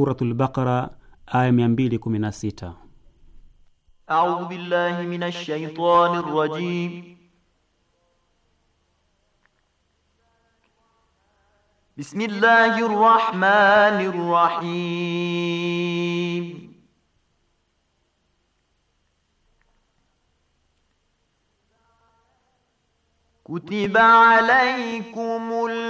Suratul Baqara aya 216. A'udhu billahi minash shaitanir rajim. بسم الله الرحمن الرحيم كتب عليكم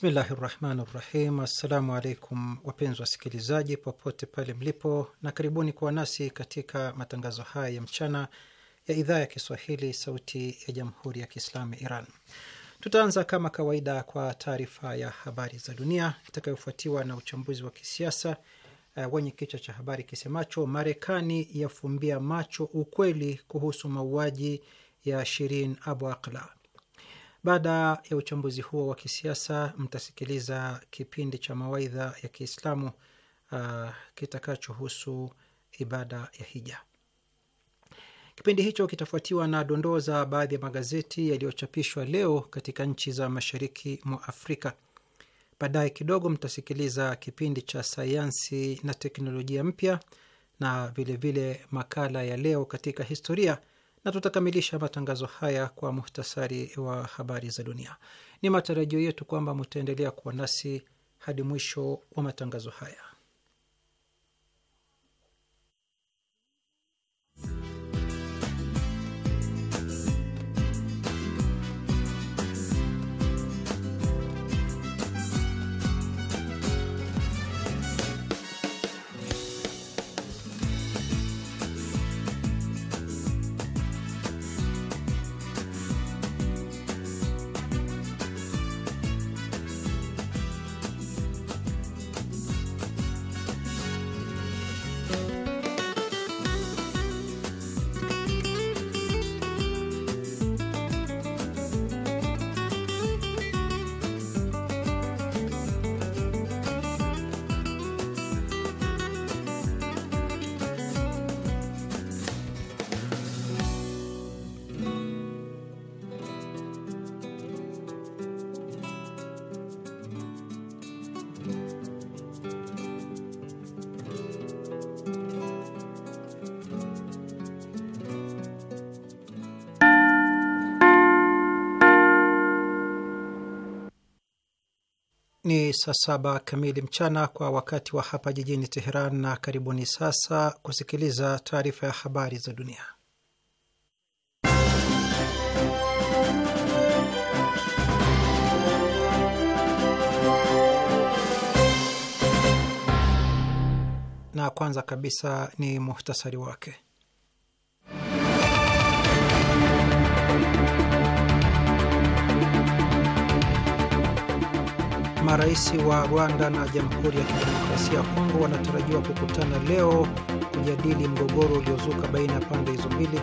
Bismillahi rahmani rahim. Assalamu alaikum wapenzi wasikilizaji popote pale mlipo, na karibuni kuwa nasi katika matangazo haya ya mchana ya idhaa ya Kiswahili sauti ya jamhuri ya Kiislamu ya Iran. Tutaanza kama kawaida kwa taarifa ya habari za dunia itakayofuatiwa na uchambuzi wa kisiasa uh, wenye kichwa cha habari kisemacho Marekani yafumbia macho ukweli kuhusu mauaji ya Shirin Abu Akla. Baada ya uchambuzi huo wa kisiasa, mtasikiliza kipindi cha mawaidha ya Kiislamu uh, kitakachohusu ibada ya hija. Kipindi hicho kitafuatiwa na dondoo za baadhi ya magazeti yaliyochapishwa leo katika nchi za mashariki mwa Afrika. Baadaye kidogo mtasikiliza kipindi cha sayansi na teknolojia mpya na vilevile vile makala ya leo katika historia na tutakamilisha matangazo haya kwa muhtasari wa habari za dunia. Ni matarajio yetu kwamba mutaendelea kuwa nasi hadi mwisho wa matangazo haya. Ni saa saba kamili mchana kwa wakati wa hapa jijini Teheran, na karibuni sasa kusikiliza taarifa ya habari za dunia. Na kwanza kabisa ni muhtasari wake. Marais wa Rwanda na Jamhuri ya Kidemokrasia ya Kongo wanatarajiwa kukutana leo kujadili mgogoro uliozuka baina ya pande hizo mbili.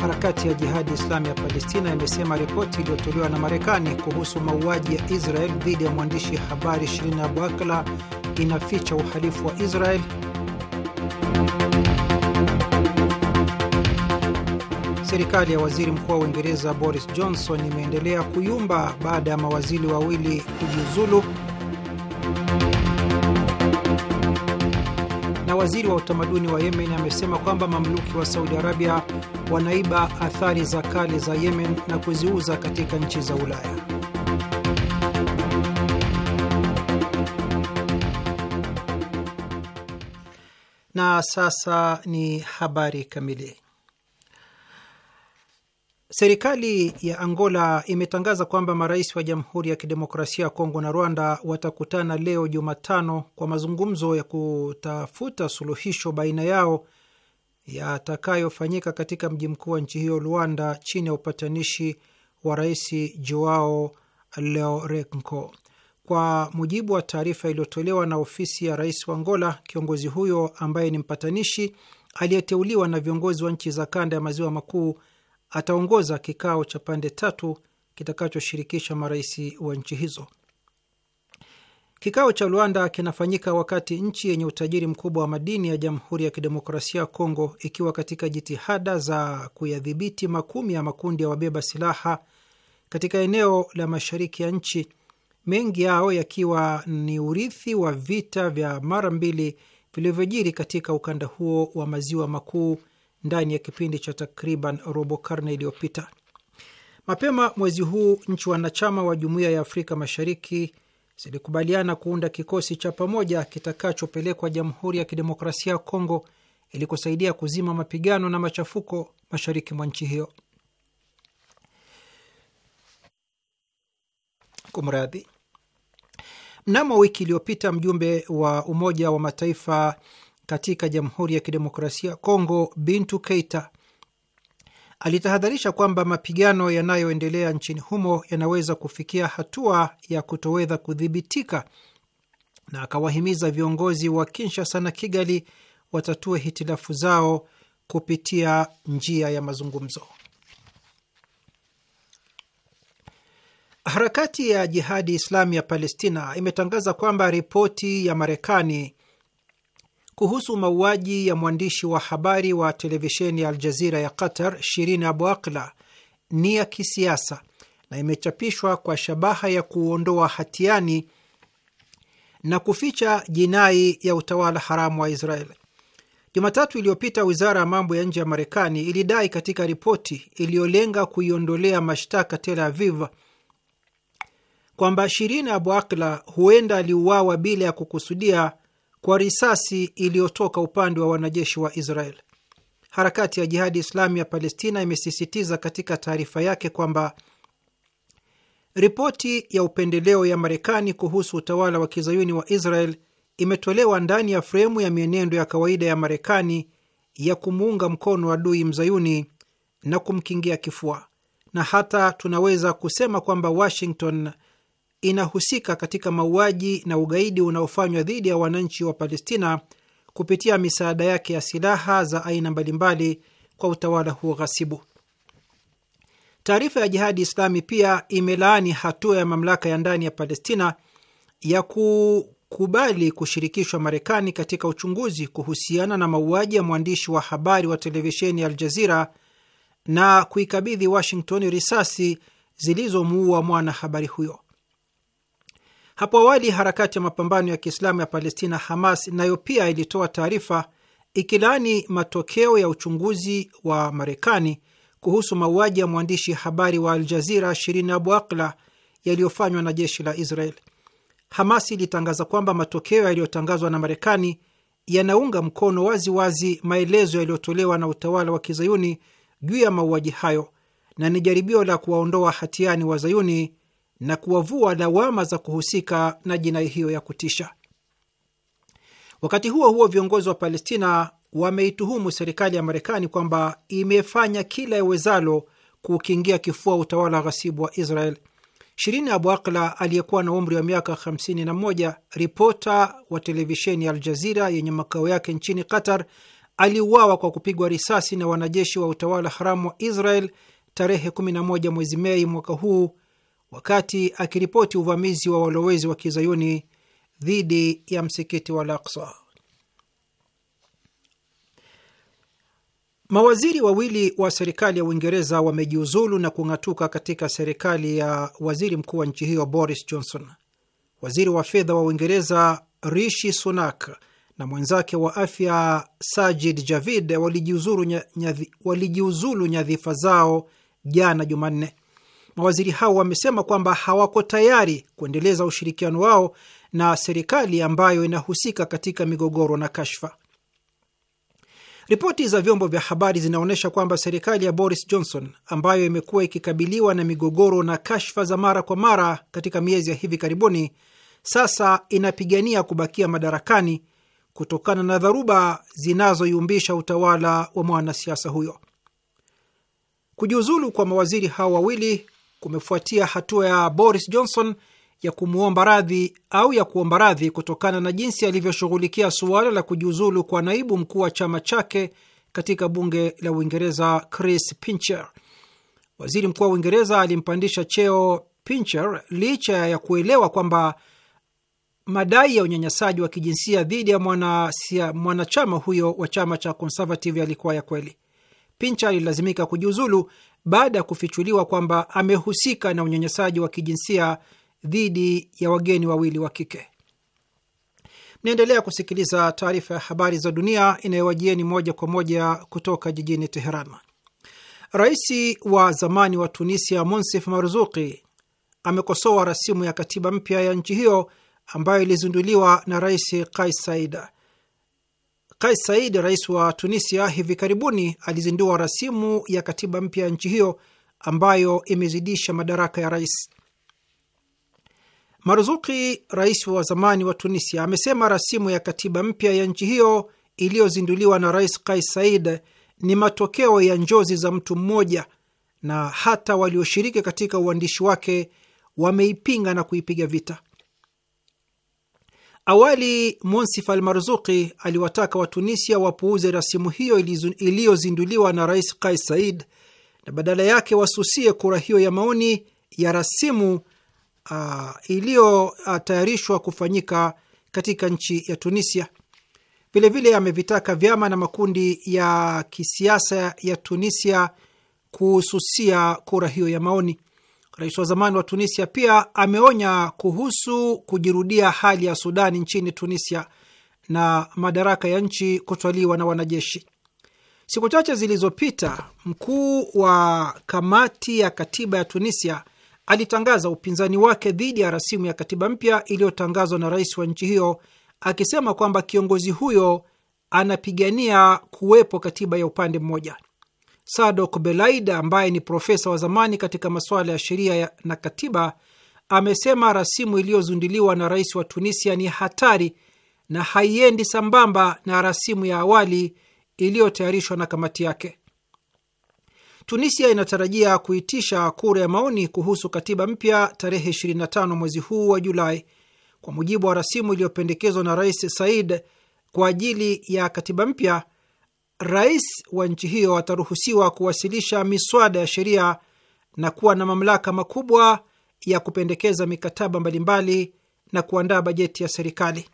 Harakati ya Jihadi Islami ya Palestina imesema ripoti iliyotolewa na Marekani kuhusu mauaji ya Israel dhidi ya mwandishi habari Shirin Abu Akla inaficha uhalifu wa Israel Serikali ya waziri mkuu wa Uingereza Boris Johnson imeendelea kuyumba baada ya mawaziri wawili kujiuzulu, na waziri wa utamaduni wa Yemen amesema kwamba mamluki wa Saudi Arabia wanaiba athari za kale za Yemen na kuziuza katika nchi za Ulaya. Na sasa ni habari kamili. Serikali ya Angola imetangaza kwamba marais wa Jamhuri ya Kidemokrasia ya Kongo na Rwanda watakutana leo Jumatano kwa mazungumzo ya kutafuta suluhisho baina yao yatakayofanyika katika mji mkuu wa nchi hiyo Luanda, chini ya upatanishi wa Rais Joao Lourenco. Kwa mujibu wa taarifa iliyotolewa na ofisi ya rais wa Angola, kiongozi huyo ambaye ni mpatanishi aliyeteuliwa na viongozi wa nchi za kanda ya maziwa makuu ataongoza kikao cha pande tatu kitakachoshirikisha marais wa nchi hizo. Kikao cha Luanda kinafanyika wakati nchi yenye utajiri mkubwa wa madini ya Jamhuri ya Kidemokrasia ya Kongo ikiwa katika jitihada za kuyadhibiti makumi ya makundi ya wabeba silaha katika eneo la mashariki ya nchi, mengi yao yakiwa ni urithi wa vita vya mara mbili vilivyojiri katika ukanda huo wa maziwa makuu ndani ya kipindi cha takriban robo karne iliyopita. Mapema mwezi huu nchi wanachama wa Jumuiya ya Afrika Mashariki zilikubaliana kuunda kikosi cha pamoja kitakachopelekwa Jamhuri ya Kidemokrasia ya Kongo ili kusaidia kuzima mapigano na machafuko mashariki mwa nchi hiyo. Kumradhi, mnamo wiki iliyopita mjumbe wa Umoja wa Mataifa katika Jamhuri ya Kidemokrasia ya Kongo, Bintu Keita alitahadharisha kwamba mapigano yanayoendelea nchini humo yanaweza kufikia hatua ya kutoweza kudhibitika, na akawahimiza viongozi wa Kinshasa na Kigali watatue hitilafu zao kupitia njia ya mazungumzo. Harakati ya Jihadi Islami ya Palestina imetangaza kwamba ripoti ya Marekani kuhusu mauaji ya mwandishi wa habari wa televisheni ya Aljazira ya Qatar, Shirin Abu Akla ni ya kisiasa na imechapishwa kwa shabaha ya kuondoa hatiani na kuficha jinai ya utawala haramu wa israel Jumatatu iliyopita wizara ya mambo ya nje ya Marekani ilidai katika ripoti iliyolenga kuiondolea mashtaka Tel Aviv kwamba Shirin Abu Akla huenda aliuawa bila ya kukusudia kwa risasi iliyotoka upande wa wanajeshi wa Israel. Harakati ya Jihadi Islami ya Palestina imesisitiza katika taarifa yake kwamba ripoti ya upendeleo ya Marekani kuhusu utawala wa kizayuni wa Israel imetolewa ndani ya fremu ya mienendo ya kawaida ya Marekani ya kumuunga mkono adui mzayuni na kumkingia kifua, na hata tunaweza kusema kwamba Washington inahusika katika mauaji na ugaidi unaofanywa dhidi ya wananchi wa Palestina kupitia misaada yake ya silaha za aina mbalimbali kwa utawala huo ghasibu. Taarifa ya Jihadi Islami pia imelaani hatua ya mamlaka ya ndani ya Palestina ya kukubali kushirikishwa Marekani katika uchunguzi kuhusiana na mauaji ya mwandishi wa habari wa televisheni ya Aljazira na kuikabidhi Washington risasi zilizomuua mwanahabari huyo. Hapo awali harakati ya mapambano ya Kiislamu ya Palestina, Hamas, nayo pia ilitoa taarifa ikilaani matokeo ya uchunguzi wa Marekani kuhusu mauaji ya mwandishi habari wa Aljazira Shirin Abu Akla yaliyofanywa na jeshi la Israel. Hamas ilitangaza kwamba matokeo yaliyotangazwa na Marekani yanaunga mkono waziwazi wazi maelezo yaliyotolewa na utawala wa kizayuni juu ya mauaji hayo na ni jaribio la kuwaondoa hatiani wazayuni na kuwavua lawama za kuhusika na jinai hiyo ya kutisha. Wakati huo huo, viongozi wa Palestina wameituhumu serikali ya Marekani kwamba imefanya kila iwezalo kukingia kifua utawala ghasibu wa Israel. Shirini Abu Akla aliyekuwa na umri wa miaka 51, ripota wa televisheni ya Aljazira yenye makao yake nchini Qatar, aliuawa kwa kupigwa risasi na wanajeshi wa utawala haramu wa Israel tarehe 11 mwezi Mei mwaka huu wakati akiripoti uvamizi wa walowezi wa kizayuni dhidi ya msikiti wa Al-Aqsa. Mawaziri wawili wa serikali ya Uingereza wamejiuzulu na kung'atuka katika serikali ya waziri mkuu wa nchi hiyo Boris Johnson. Waziri wa fedha wa Uingereza Rishi Sunak na mwenzake wa afya Sajid Javid walijiuzulu nyadhifa wali zao jana Jumanne. Mawaziri hao wamesema kwamba hawako tayari kuendeleza ushirikiano wao na serikali ambayo inahusika katika migogoro na kashfa. Ripoti za vyombo vya habari zinaonyesha kwamba serikali ya Boris Johnson ambayo imekuwa ikikabiliwa na migogoro na kashfa za mara kwa mara katika miezi ya hivi karibuni, sasa inapigania kubakia madarakani kutokana na dharuba zinazoyumbisha utawala wa mwanasiasa huyo. Kujiuzulu kwa mawaziri hao wawili kumefuatia hatua ya Boris Johnson ya kumwomba radhi au ya kuomba radhi kutokana na jinsi alivyoshughulikia suala la kujiuzulu kwa naibu mkuu wa chama chake katika bunge la Uingereza, Chris Pincher. Waziri mkuu wa Uingereza alimpandisha cheo Pincher licha ya kuelewa kwamba madai ya unyanyasaji wa kijinsia dhidi ya mwanachama huyo wa chama cha Conservative yalikuwa ya kweli. Pincher alilazimika kujiuzulu baada ya kufichuliwa kwamba amehusika na unyanyasaji wa kijinsia dhidi ya wageni wawili wa kike. Mnaendelea kusikiliza taarifa ya habari za dunia inayowajieni moja kwa moja kutoka jijini Teheran. Rais wa zamani wa Tunisia Monsef Marzuki amekosoa rasimu ya katiba mpya ya nchi hiyo ambayo ilizinduliwa na Rais Kais Saida Kais Said, rais wa Tunisia, hivi karibuni alizindua rasimu ya katiba mpya ya nchi hiyo ambayo imezidisha madaraka ya rais. Maruzuki, rais wa zamani wa Tunisia, amesema rasimu ya katiba mpya ya nchi hiyo iliyozinduliwa na Rais Kais Said ni matokeo ya njozi za mtu mmoja, na hata walioshiriki katika uandishi wake wameipinga na kuipiga vita. Awali Monsif Al Marzuki aliwataka Watunisia wapuuze rasimu hiyo iliyozinduliwa na Rais Kais Said na badala yake wasusie kura hiyo ya maoni ya rasimu ah, iliyotayarishwa ah, kufanyika katika nchi ya Tunisia. Vilevile amevitaka vyama na makundi ya kisiasa ya Tunisia kuhususia kura hiyo ya maoni. Rais wa zamani wa Tunisia pia ameonya kuhusu kujirudia hali ya Sudani nchini Tunisia na madaraka ya nchi kutwaliwa na wanajeshi. Siku chache zilizopita, mkuu wa kamati ya katiba ya Tunisia alitangaza upinzani wake dhidi ya rasimu ya katiba mpya iliyotangazwa na rais wa nchi hiyo, akisema kwamba kiongozi huyo anapigania kuwepo katiba ya upande mmoja. Sadok Belaida ambaye ni profesa wa zamani katika masuala ya sheria na katiba amesema rasimu iliyozunduliwa na rais wa Tunisia ni hatari na haiendi sambamba na rasimu ya awali iliyotayarishwa na kamati yake. Tunisia inatarajia kuitisha kura ya maoni kuhusu katiba mpya tarehe 25 mwezi huu wa Julai, kwa mujibu wa rasimu iliyopendekezwa na Rais Said kwa ajili ya katiba mpya rais wa nchi hiyo ataruhusiwa kuwasilisha miswada ya sheria na kuwa na mamlaka makubwa ya kupendekeza mikataba mbalimbali na kuandaa bajeti ya serikali.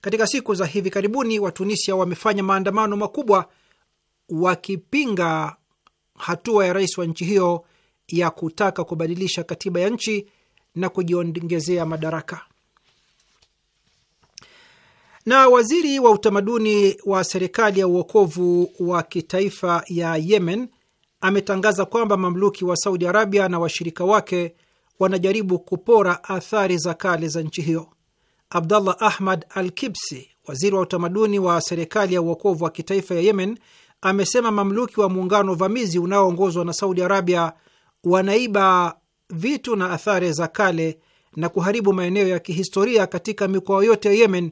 Katika siku za hivi karibuni, Watunisia wamefanya maandamano makubwa wakipinga hatua ya rais wa nchi hiyo ya kutaka kubadilisha katiba ya nchi na kujiongezea madaraka. Na waziri wa utamaduni wa serikali ya uokovu wa kitaifa ya Yemen ametangaza kwamba mamluki wa Saudi Arabia na washirika wake wanajaribu kupora athari za kale za nchi hiyo. Abdallah Ahmad Al Kibsi, waziri wa utamaduni wa serikali ya uokovu wa kitaifa ya Yemen, amesema mamluki wa muungano uvamizi unaoongozwa na Saudi Arabia wanaiba vitu na athari za kale na kuharibu maeneo ya kihistoria katika mikoa yote ya Yemen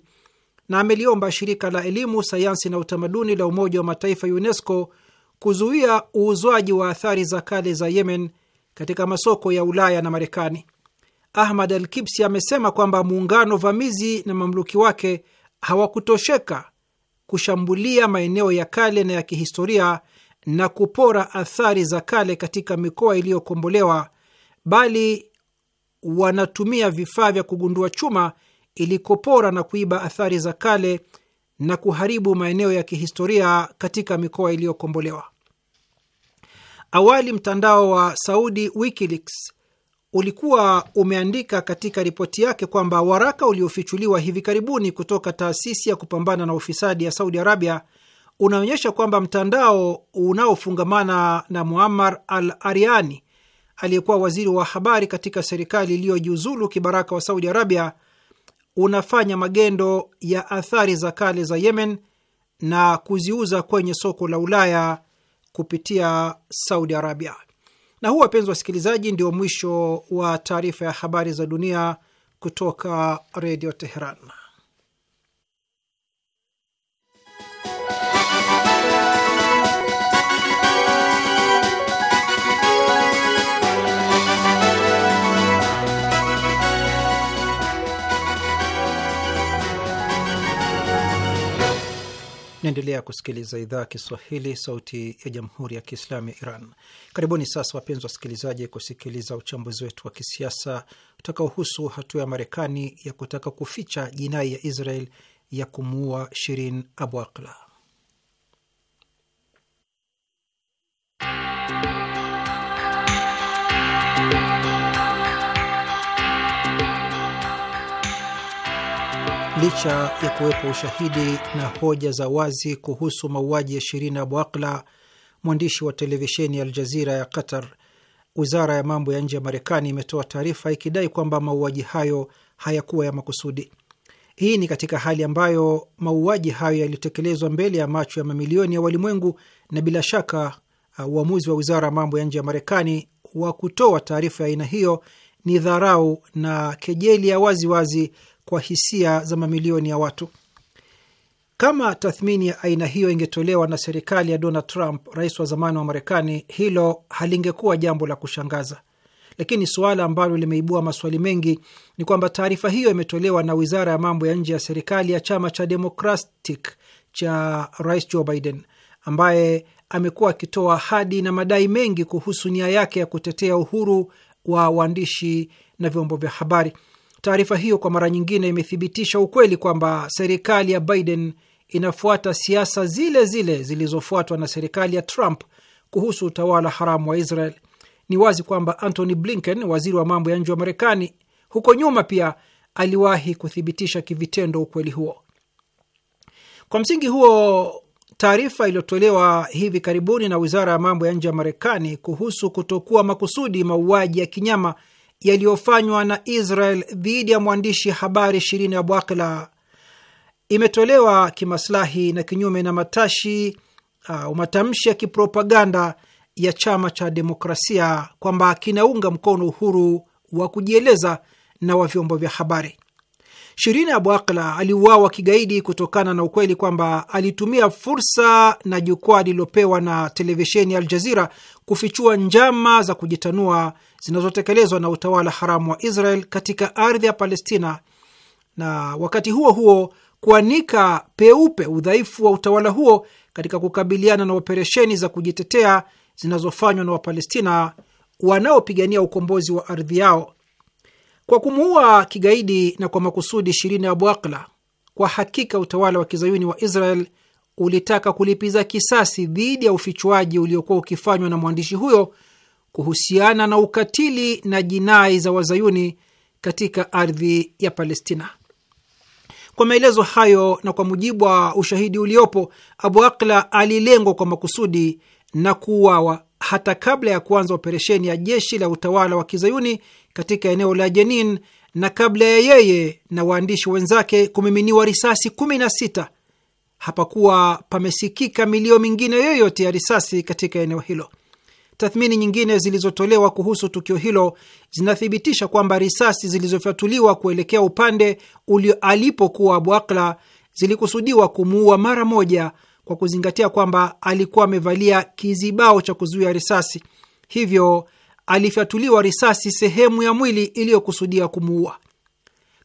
na ameliomba shirika la elimu, sayansi na utamaduni la Umoja wa Mataifa UNESCO kuzuia uuzwaji wa athari za kale za Yemen katika masoko ya Ulaya na Marekani. Ahmad Al Kibsi amesema kwamba muungano vamizi na mamluki wake hawakutosheka kushambulia maeneo ya kale na ya kihistoria na kupora athari za kale katika mikoa iliyokombolewa, bali wanatumia vifaa vya kugundua chuma ilikopora na kuiba athari za kale na kuharibu maeneo ya kihistoria katika mikoa iliyokombolewa. Awali mtandao wa Saudi WikiLeaks ulikuwa umeandika katika ripoti yake kwamba waraka uliofichuliwa hivi karibuni kutoka taasisi ya kupambana na ufisadi ya Saudi Arabia unaonyesha kwamba mtandao unaofungamana na Muammar al ariani aliyekuwa waziri wa habari katika serikali iliyojiuzulu kibaraka wa Saudi Arabia unafanya magendo ya athari za kale za Yemen na kuziuza kwenye soko la Ulaya kupitia Saudi Arabia. Na huu, wapenzi wasikilizaji, ndio mwisho wa taarifa ya habari za dunia kutoka Redio Teheran. Naendelea kusikiliza idhaa ya Kiswahili, sauti ya jamhuri ya kiislamu ya Iran. Karibuni sasa, wapenzi wasikilizaji, kusikiliza uchambuzi wetu wa kisiasa utakaohusu hatua ya Marekani ya kutaka kuficha jinai ya Israel ya kumuua Shirin Abu aqla licha ya kuwepo ushahidi na hoja za wazi kuhusu mauaji ya Shirin Abu Akla, mwandishi wa televisheni ya Aljazira ya Qatar, wizara ya mambo ya nje ya Marekani imetoa taarifa ikidai kwamba mauaji hayo hayakuwa ya makusudi. Hii ni katika hali ambayo mauaji hayo yalitekelezwa mbele ya macho ya mamilioni ya walimwengu, na bila shaka uh, uamuzi wa wizara ya mambo ya nje ya Marekani wa kutoa taarifa ya aina hiyo ni dharau na kejeli ya waziwazi wazi kwa hisia za mamilioni ya watu. Kama tathmini ya aina hiyo ingetolewa na serikali ya Donald Trump, rais wa zamani wa Marekani, hilo halingekuwa jambo la kushangaza. Lakini suala ambalo limeibua maswali mengi ni kwamba taarifa hiyo imetolewa na wizara ya mambo ya nje ya serikali ya chama cha Democratic cha rais Joe Biden ambaye amekuwa akitoa ahadi na madai mengi kuhusu nia yake ya kutetea uhuru wa waandishi na vyombo vya habari. Taarifa hiyo kwa mara nyingine imethibitisha ukweli kwamba serikali ya Biden inafuata siasa zile zile zilizofuatwa na serikali ya Trump kuhusu utawala haramu wa Israel. Ni wazi kwamba Antony Blinken, waziri wa mambo ya nje wa Marekani, huko nyuma pia aliwahi kuthibitisha kivitendo ukweli huo. Kwa msingi huo, taarifa iliyotolewa hivi karibuni na wizara ya mambo ya nje ya Marekani kuhusu kutokuwa makusudi mauaji ya kinyama yaliyofanywa na Israel dhidi ya mwandishi habari Shirini Abwakla imetolewa kimaslahi na kinyume na matashi uh, au matamshi ya kipropaganda ya chama cha demokrasia kwamba kinaunga mkono uhuru wa kujieleza na wa vyombo vya habari. Shirini Abu Akla aliuawa kigaidi kutokana na ukweli kwamba alitumia fursa na jukwaa lililopewa na televisheni Al Jazira kufichua njama za kujitanua zinazotekelezwa na utawala haramu wa Israel katika ardhi ya Palestina, na wakati huo huo kuanika peupe udhaifu wa utawala huo katika kukabiliana na operesheni za kujitetea zinazofanywa na Wapalestina wanaopigania ukombozi wa ardhi yao. Kwa kumuua kigaidi na kwa makusudi Shirini Abu Akla, kwa hakika utawala wa kizayuni wa Israel ulitaka kulipiza kisasi dhidi ya ufichuaji uliokuwa ukifanywa na mwandishi huyo kuhusiana na ukatili na jinai za wazayuni katika ardhi ya Palestina. Kwa maelezo hayo na kwa mujibu wa ushahidi uliopo, Abu Akla alilengwa kwa makusudi na kuuawa hata kabla ya kuanza operesheni ya jeshi la utawala wa kizayuni katika eneo la Jenin na kabla ya yeye na waandishi wenzake kumiminiwa risasi kumi na sita. Hapakuwa pamesikika milio mingine yoyote ya risasi katika eneo hilo. Tathmini nyingine zilizotolewa kuhusu tukio hilo zinathibitisha kwamba risasi zilizofyatuliwa kuelekea upande ulio alipokuwa Abu Akla zilikusudiwa kumuua mara moja, kwa kuzingatia kwamba alikuwa amevalia kizibao cha kuzuia risasi, hivyo alifyatuliwa risasi sehemu ya mwili iliyokusudia kumuua,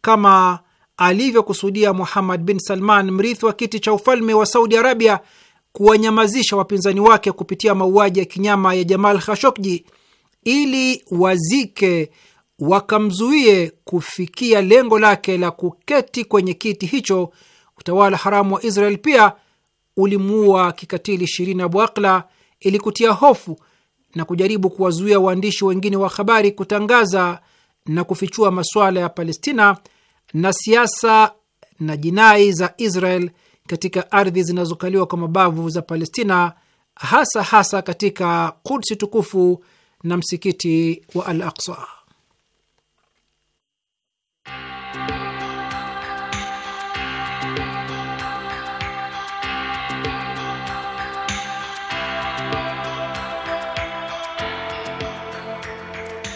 kama alivyokusudia Muhammad bin Salman, mrithi wa kiti cha ufalme wa Saudi Arabia kuwanyamazisha wapinzani wake kupitia mauaji ya kinyama ya Jamal Khashoggi ili wazike wakamzuie kufikia lengo lake la kuketi kwenye kiti hicho. Utawala haramu wa Israel pia ulimuua kikatili Shirin Abu Akla ili kutia hofu na kujaribu kuwazuia waandishi wengine wa habari kutangaza na kufichua masuala ya Palestina na siasa na jinai za Israel katika ardhi zinazokaliwa kwa mabavu za Palestina, hasa hasa katika Kudsi tukufu na msikiti wa Al Aqsa.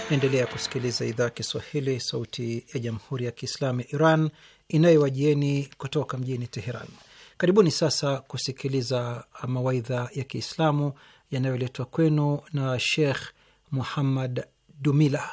Naendelea kusikiliza idhaa ya Kiswahili, sauti ya jamhuri ya kiislamu ya Iran inayowajieni kutoka mjini Teheran. Karibuni sasa kusikiliza mawaidha ya Kiislamu yanayoletwa kwenu na Sheikh Muhammad Dumila.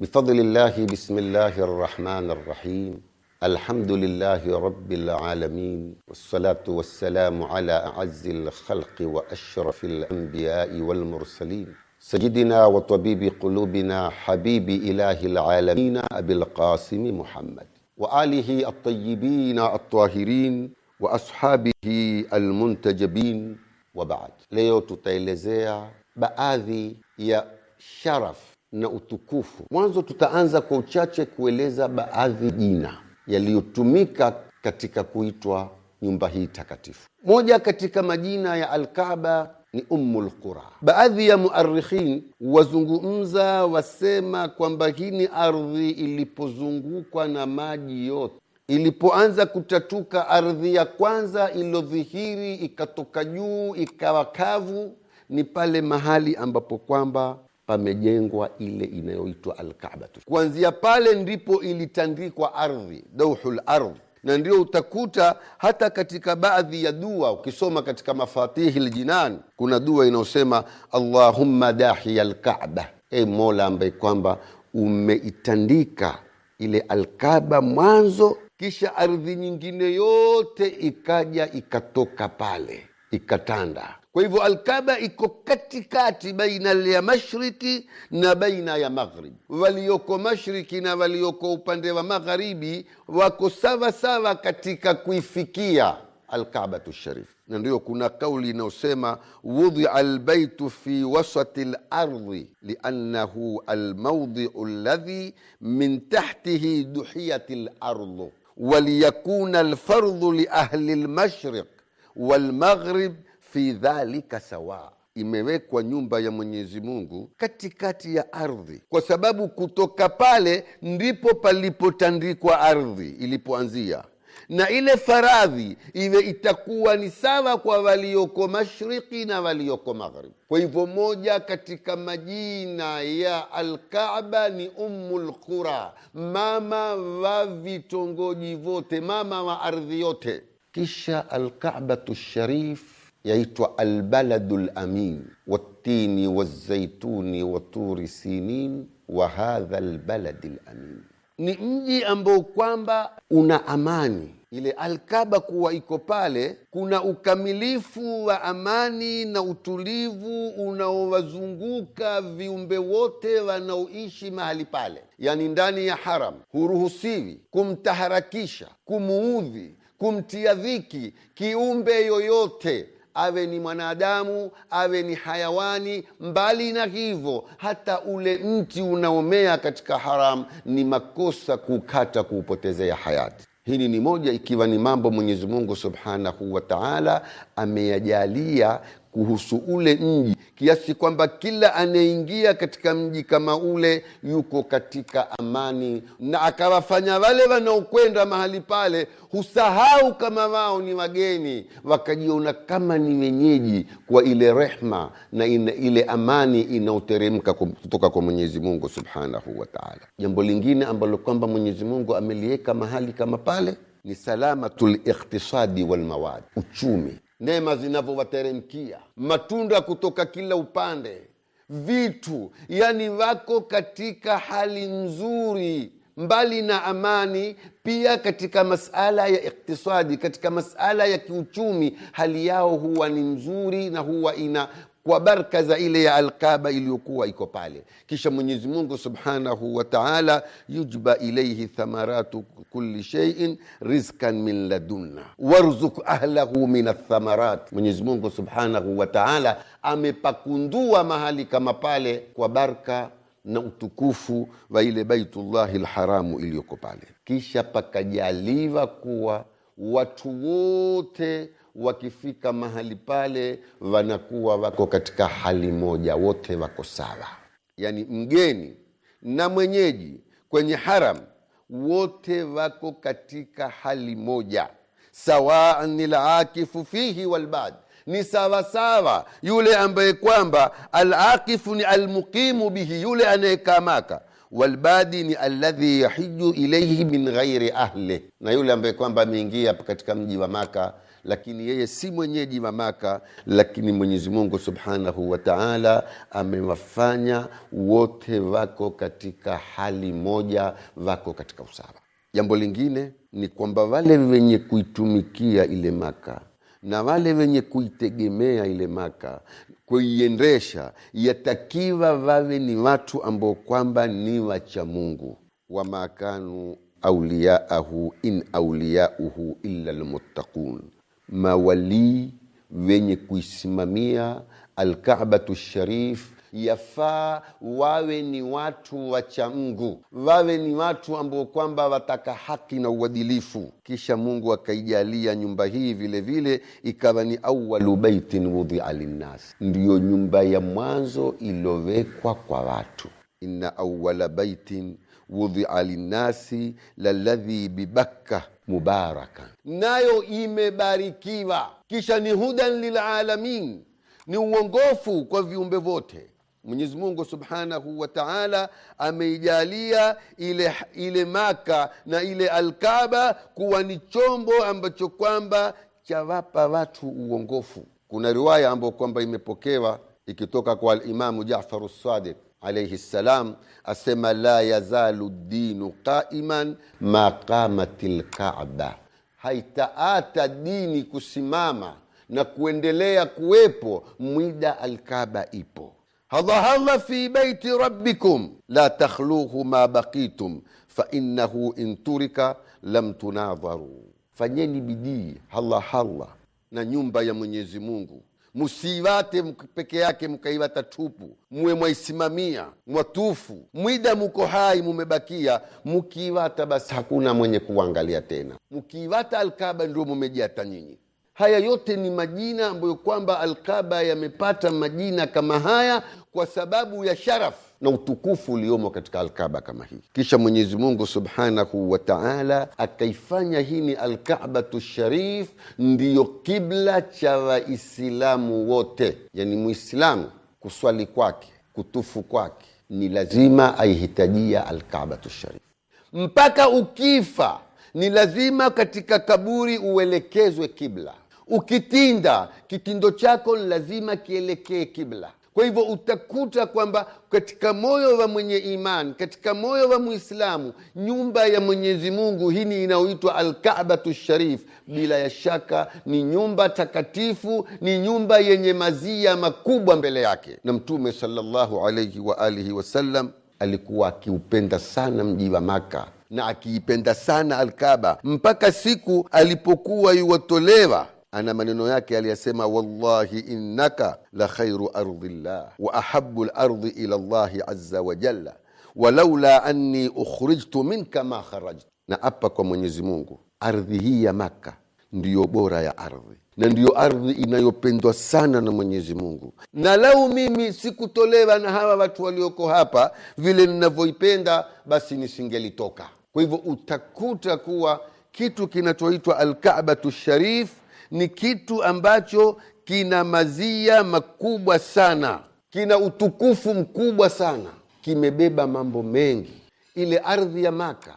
Labbaik, bismillahi rahmani rahim الحمد لله رب العالمين والصلاة والسلام على أعز الخلق وأشرف الأنبياء والمرسلين سجدنا وطبيب قلوبنا حبيب إله العالمين أبي القاسم محمد وآله الطيبين الطاهرين وأصحابه المنتجبين وبعد leo tutaelezea بآذي يا شرف na utukufu mwanzo tutaanza kwa uchache kueleza baadhi jina yaliyotumika katika kuitwa nyumba hii takatifu. Moja katika majina ya Alkaba ni Ummul Qura. Baadhi ya muarikhin wazungumza wasema kwamba hii ni ardhi ilipozungukwa na maji yote. Ilipoanza kutatuka, ardhi ya kwanza iliyodhihiri ikatoka juu ikawa kavu ni pale mahali ambapo kwamba pamejengwa ile inayoitwa alkaba Kuanzia pale ndipo ilitandikwa ardhi, dauhul ardhi, na ndio utakuta hata katika baadhi ya dua ukisoma katika Mafatihi Ljinan kuna dua inayosema Allahumma dahiya lkaba, e Mola ambaye kwamba umeitandika ile Alkaba mwanzo, kisha ardhi nyingine yote ikaja ikatoka pale ikatanda kwa hivyo alkaba iko katikati baina ya mashriki na baina ya maghrib walioko mashriki na walioko upande wa magharibi wako sawa sawa katika kuifikia alkabatu sharif na ndiyo kuna kauli inayosema wudhia albaitu fi wasati lardhi liannahu almaudhiu ladhi min tahtihi duhiyat lardhu waliyakuna alfardhu liahli lmashriq walmaghrib fi dhalika sawa imewekwa nyumba ya Mwenyezi Mungu katikati ya ardhi, kwa sababu kutoka pale ndipo palipotandikwa ardhi ilipoanzia, na ile faradhi iwe itakuwa ni sawa kwa walioko mashriki na walioko maghrib. Kwa hivyo moja katika majina ya Alkaaba ni ummu lqura mama wa vitongoji vyote, mama wa ardhi yote. Kisha Alkaabatu Sharifu yaitwa albaladu lamin watini wazaituni waturi sinin wa hadha lbaladi lamin, ni mji ambao kwamba una amani. Ile Alkaba kuwa iko pale, kuna ukamilifu wa amani na utulivu unaowazunguka viumbe wote wanaoishi mahali pale, yani ndani ya haram. Huruhusiwi kumtaharakisha, kumuudhi, kumtia dhiki kiumbe yoyote awe ni mwanadamu awe ni hayawani mbali na hivyo hata ule mti unaomea katika haram ni makosa kukata kuupotezea hayati hili ni moja ikiwa ni mambo mwenyezi mungu subhanahu wa taala ameyajalia kuhusu ule mji kiasi kwamba kila anayeingia katika mji kama ule yuko katika amani, na akawafanya wale wanaokwenda mahali pale husahau kama wao ni wageni, wakajiona kama ni wenyeji kwa ile rehma na ina, ile amani inayoteremka kutoka kwa Mwenyezi Mungu subhanahu wa taala. Jambo lingine ambalo kwamba Mwenyezi Mungu ameliweka mahali kama pale ni salamatul liktisadi walmawadi, uchumi neema zinavyowateremkia, matunda kutoka kila upande, vitu yani, wako katika hali nzuri mbali na amani, pia katika masala ya iktisadi, katika masala ya kiuchumi, hali yao huwa ni nzuri na huwa ina kwa baraka za ile ya alqaba iliyokuwa iko pale. Kisha Mwenyezi Mungu subhanahu wa taala, yujba ilaihi thamaratu kulli sheiin rizkan min ladunna warzuk ahlahu min athamarat. Mwenyezi Mungu subhanahu wa taala amepakundua mahali kama pale kwa baraka na utukufu wa ile Baitullahi lharamu iliyoko pale, kisha pakajaliwa kuwa watu wote wakifika mahali pale wanakuwa wako katika hali moja, wote wako sawa, yani mgeni na mwenyeji kwenye haram wote wako katika hali moja, sawaan lakifu fihi walbad ni sawasawa yule ambaye kwamba alakifu ni almuqimu bihi, yule anayekaa Maka. Walbadi ni alladhi yahiju ilaihi min ghairi ahli, na yule ambaye kwamba ameingia katika mji wa Maka lakini yeye si mwenyeji wa maka lakini Mwenyezi Mungu Subhanahu wa Ta'ala amewafanya wote wako katika hali moja, wako katika usawa. Jambo lingine ni kwamba wale wenye kuitumikia ile Maka na wale wenye kuitegemea ile Maka kuiendesha, yatakiwa wawe ni watu ambao kwamba ni wacha Mungu. wamakanu auliyaahu in auliyauhu illa lmuttaqun mawalii wenye kuisimamia Alkabatu Sharif yafaa wawe ni watu wachamgu, wawe ni watu ambao kwamba wataka haki na uadilifu. Kisha Mungu akaijalia nyumba hii vilevile ikawa ni awalu baitin wudhia linnas, ndiyo nyumba ya mwanzo iliyowekwa kwa watu. Inna awala baitin wudhia linnasi laladhi bibakka mubaraka, nayo imebarikiwa. Kisha ni hudan lilalamin, ni uongofu kwa viumbe vyote Mwenyezi Mungu subhanahu wa taala ameijalia ile, ile Maka na ile Alkaba kuwa ni chombo ambacho kwamba chawapa watu uongofu. Kuna riwaya ambayo kwamba imepokewa ikitoka kwa Alimamu Jafaru Sadiq alaihi ssalam asema la yazalu dinu qaiman ma qamat lkaba, haitaata dini kusimama na kuendelea kuwepo mwida alkaba ipo. hadhahadha fi baiti rabbikum la takhluhu ma baqitum in turika lam tunadharu, fanyeni bidii hallahalla na nyumba ya Mwenyezi Mungu musiiwate peke yake mkaiwata tupu, muwe mwaisimamia mwatufu, mwida muko hai mumebakia, mukiiwata basi hakuna mwenye kuangalia tena, mukiiwata Alkaba ndio mumejiata nyinyi. Haya yote ni majina ambayo kwamba Alkaba yamepata majina kama haya kwa sababu ya sharafu na utukufu uliomo katika Alkaba kama hii. Kisha Mwenyezi Mungu subhanahu wa taala akaifanya hii ni Alkabatu Sharif ndiyo kibla cha Waislamu wote, yani mwislamu kuswali kwake, kutufu kwake ni lazima aihitajia Alkabatu Sharif mpaka ukifa ni lazima katika kaburi uelekezwe kibla. Ukitinda, kitindo chako ni lazima kielekee kibla kwa hivyo utakuta kwamba katika moyo wa mwenye iman katika moyo wa mwislamu nyumba ya mwenyezi mungu hini inayoitwa alkabatu sharif bila ya shaka ni nyumba takatifu ni nyumba yenye mazia makubwa mbele yake na mtume salllahu alaihi waalihi wasallam alikuwa akiupenda sana mji wa maka na akiipenda sana alkaba mpaka siku alipokuwa yuwatolewa ana maneno yake aliyasema, wallahi innaka la khairu ardhi llah wa ahabu lardhi ila llahi aza wajalla walaula anni ukhrijtu minka ma kharajtu, na apa kwa Mwenyezi Mungu, ardhi hii ya makka ndiyo bora ya ardhi na ndiyo ardhi inayopendwa sana na Mwenyezi Mungu, na lau mimi sikutolewa na hawa watu walioko hapa vile ninavyoipenda, basi nisingelitoka. Kwa hivyo utakuta kuwa kitu kinachoitwa Alkaabatu Sharif ni kitu ambacho kina mazia makubwa sana, kina utukufu mkubwa sana, kimebeba mambo mengi. Ile ardhi ya Maka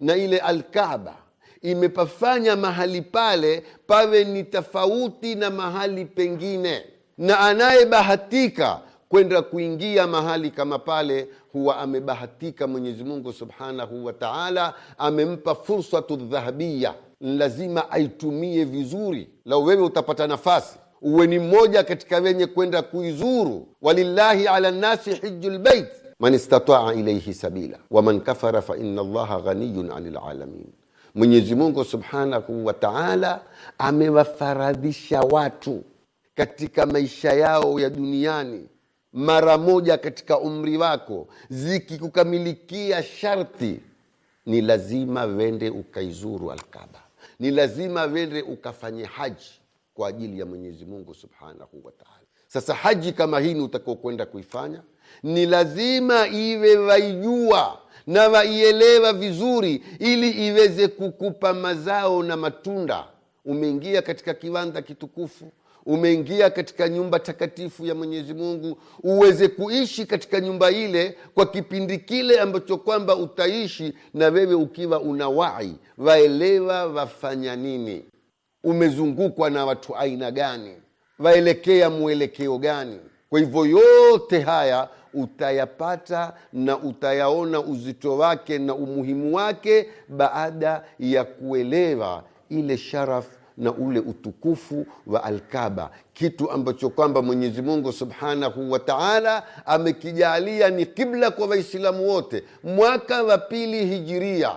na ile Alkaaba imepafanya mahali pale pawe ni tofauti na mahali pengine, na anayebahatika kwenda kuingia mahali kama pale huwa amebahatika. Mwenyezi Mungu subhanahu wa taala amempa fursatu dhahabia lazima aitumie vizuri. Lau wewe utapata nafasi uwe ni mmoja katika wenye kwenda kuizuru. walillahi ala nnasi hiju lbeit man istataa ilaihi sabila waman kafara faina llaha ghaniyun ani lalamin. Mwenyezi Mungu subhanahu wa taala amewafaradhisha watu katika maisha yao ya duniani mara moja katika umri wako, zikikukamilikia sharti ni lazima wende ukaizuru Alkaba ni lazima wende ukafanye haji kwa ajili ya mwenyezi mungu subhanahu wataala sasa haji kama hii ni utakiwa kwenda kuifanya ni lazima iwe waijua na waielewa vizuri ili iweze kukupa mazao na matunda umeingia katika kiwanda kitukufu umeingia katika nyumba takatifu ya mwenyezi mungu uweze kuishi katika nyumba ile kwa kipindi kile ambacho kwamba utaishi na wewe ukiwa una wai waelewa wafanya nini umezungukwa na watu aina gani waelekea mwelekeo gani kwa hivyo yote haya utayapata na utayaona uzito wake na umuhimu wake baada ya kuelewa ile sharafu na ule utukufu wa Alkaba, kitu ambacho kwamba Mwenyezi Mungu subhanahu wa taala amekijalia ni kibla kwa Waislamu wote. Mwaka wa pili hijiria,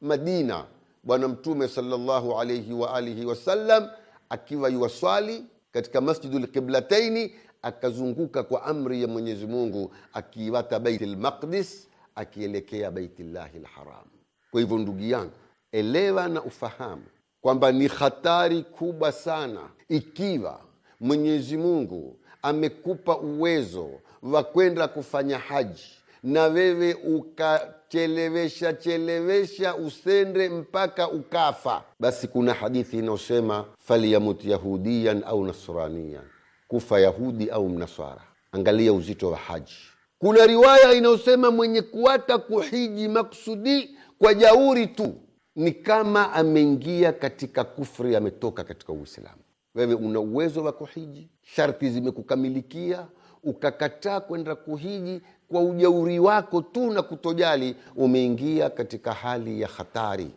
Madina, Bwana Mtume sallallahu alaihi wa alihi wasallam akiwa yuwaswali katika Masjidu lqiblataini akazunguka kwa amri ya Mwenyezi Mungu akiwata Baiti lmaqdis akielekea llahi Lharam. Kwa hivyo ndugu yangu, elewa na ufahamu kwamba ni hatari kubwa sana ikiwa Mwenyezi Mungu amekupa uwezo wa kwenda kufanya haji na wewe ukachelewesha chelewesha usende mpaka ukafa. Basi kuna hadithi inayosema falyamut yahudiyan au nasraniyan, kufa Yahudi au Mnaswara. Angalia uzito wa haji. Kuna riwaya inayosema mwenye kuata kuhiji maksudi kwa jauri tu ni kama ameingia katika kufri, ametoka katika Uislamu. Wewe una uwezo wa kuhiji, sharti zimekukamilikia, ukakataa kwenda kuhiji kwa ujauri wako tu na kutojali, umeingia katika hali ya hatari.